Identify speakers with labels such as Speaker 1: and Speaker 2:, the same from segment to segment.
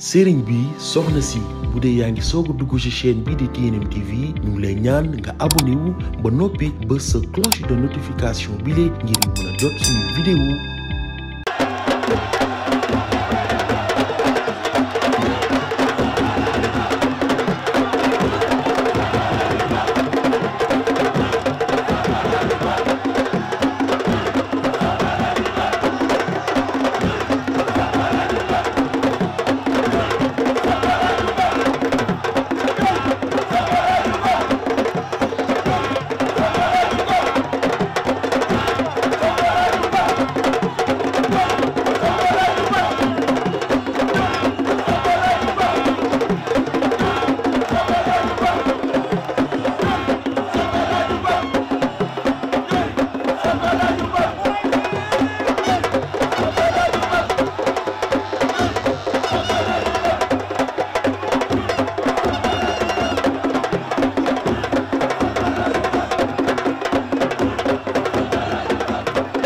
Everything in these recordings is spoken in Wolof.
Speaker 1: sëriñ bi soxna si bu dee yaa ngi soog a dugg ci chaîne bi di TNM TV ñu ngi lay ñaan nga abonné wu ba noppi ba sa cloche de notification bi lee ngir mën jot suñu vidéo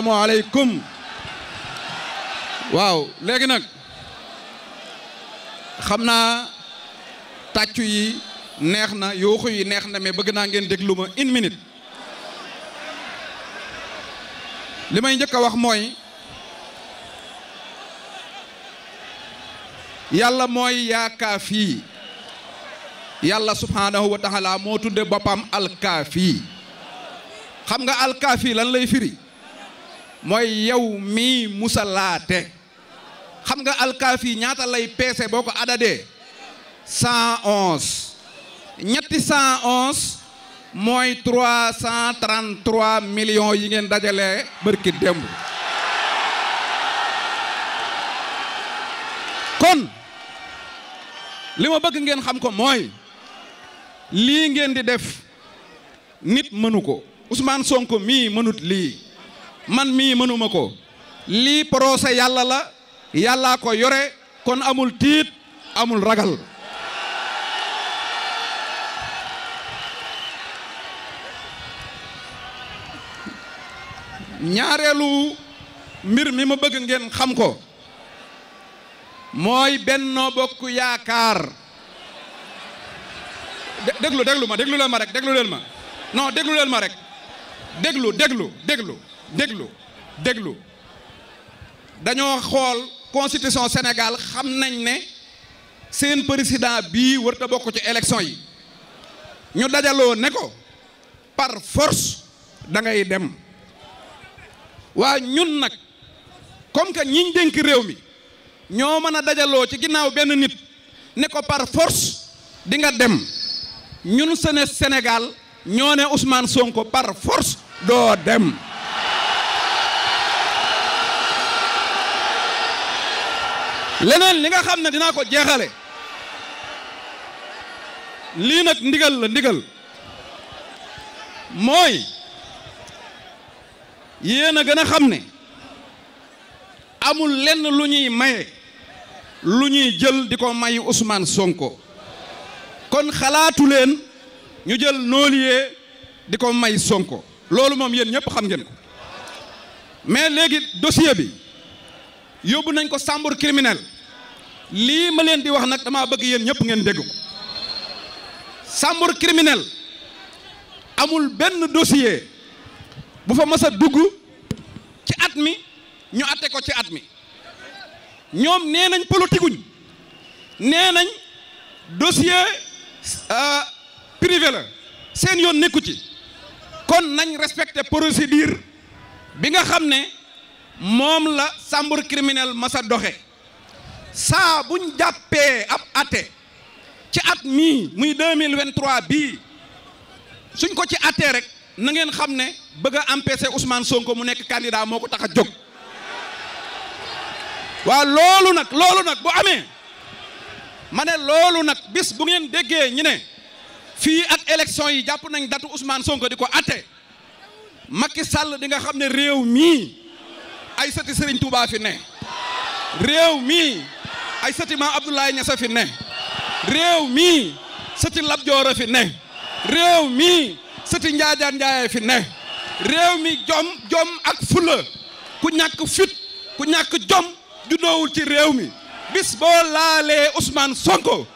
Speaker 2: asalaamaaleykum waaw léegi nag xam naa tàccu yi neex na yooxu yi neex na mais bëgg naa ngeen déglu ma une minute li may njëkk a wax mooy yàlla mooy yaakaafi yàlla subhaanahu wa taala moo tudde boppam alkaafi xam nga alkaafi lan lay firi mooy yow mii musalaate xam nga alkaafi ñaata lay peese boo ko adadee cent ons ñetti cent onze mooy trois cent trente yi ngeen dajale bërki démb kon li ma bëgg ngeen xam ko mooy lii ngeen di def nit mënu ko Ousmane Sonko mii mënut lii man mii mënuma ko lii procès yàlla la yàllaa ko yore kon amul tiit amul ragal ñaareelu mbir mi ma bëgg ngeen xam ko mooy Benno Bokk Yaakaar déglu déglu ma déglu leen ma rek ma non déglu leen ma rek déglu déglu déglu déglu déglu dañoo xool constitution Sénégal xam nañ ne seen président bii war a bokk ci élection yi ñu dajaloo ne ko par force da ngay dem waa ñun nag comme que ñiñ dénk réew mi ñoo mën a dajaloo ci ginnaaw benn nit ne ko par force dinga nga dem ñun sene Sénégal ñoo ne Ousmane Sonko par force doo dem leneen li nga xam ne dinaa ko jeexale lii nag ndigal la ndigal mooy yéen a gën a xam ne amul lenn lu ñuy maye lu ñuy jël di ko may Ousmane Sonko kon xalaatu leen ñu jël noolier di ko may Sonko loolu moom yéen ñëpp xam ngeen ko mais léegi dossier bi yóbbu nañ ko chambre criminelle lii ma leen di wax nag damaa bëgg yéen ñëpp ngeen dégg ko chambre amul benn dossier bu fa mës a dugg ci at mi ñu atte ko ci at mi ñoom nee nañ politikuñ nee nañ dossier euh, privé la seen yoon nekku ci kon nañ respecté procédure bi nga xam ne mom la sambur criminel masa doxé sa buñ jappé ab até ci at mi muy 2023 bi suñ ko ci até rek na ngeen xamné bëgg a empêcher Ousmane Sonko mu nekk candidat moko taxa jog wa lolu nak lolu nak bu amé mané lolu nak bis bu ngeen déggé ñu at fii ak élection yi japp nañ datu Ousmane Sonko diko até makisal Macky Sall di nga xamné réew mi ay sëti sëriñ Touba fi ne réew mii ay sëti Maam Abdoulaye Niass fi ne réew mii sëti Lat Joor a fi ne réew mii sëti Njaajaan Njaay fi ne réew mi jom jom ak fula ku ñàkk fit ku ñàkk jom juddoowul ci réew mi bis boo laalee Ousmane Sonko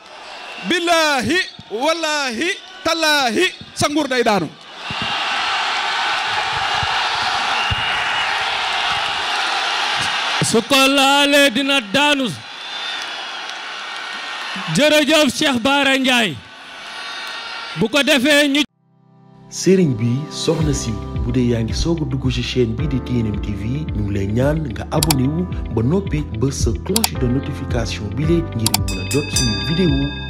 Speaker 2: billaahi wallaahi tallaahi sa nguur day daanu su ko laalee dina daanu jërëjëf Cheikh Bara Ndiaye
Speaker 1: bu ko defee ñu sëriñ bi soxna si bu yaa ngi soog a dugg ci chaîne bi di TNM TV ñu ngi lay ñaan nga abonné ba noppi ba sa cloche de notification bi ngir mën a jot suñu vidéo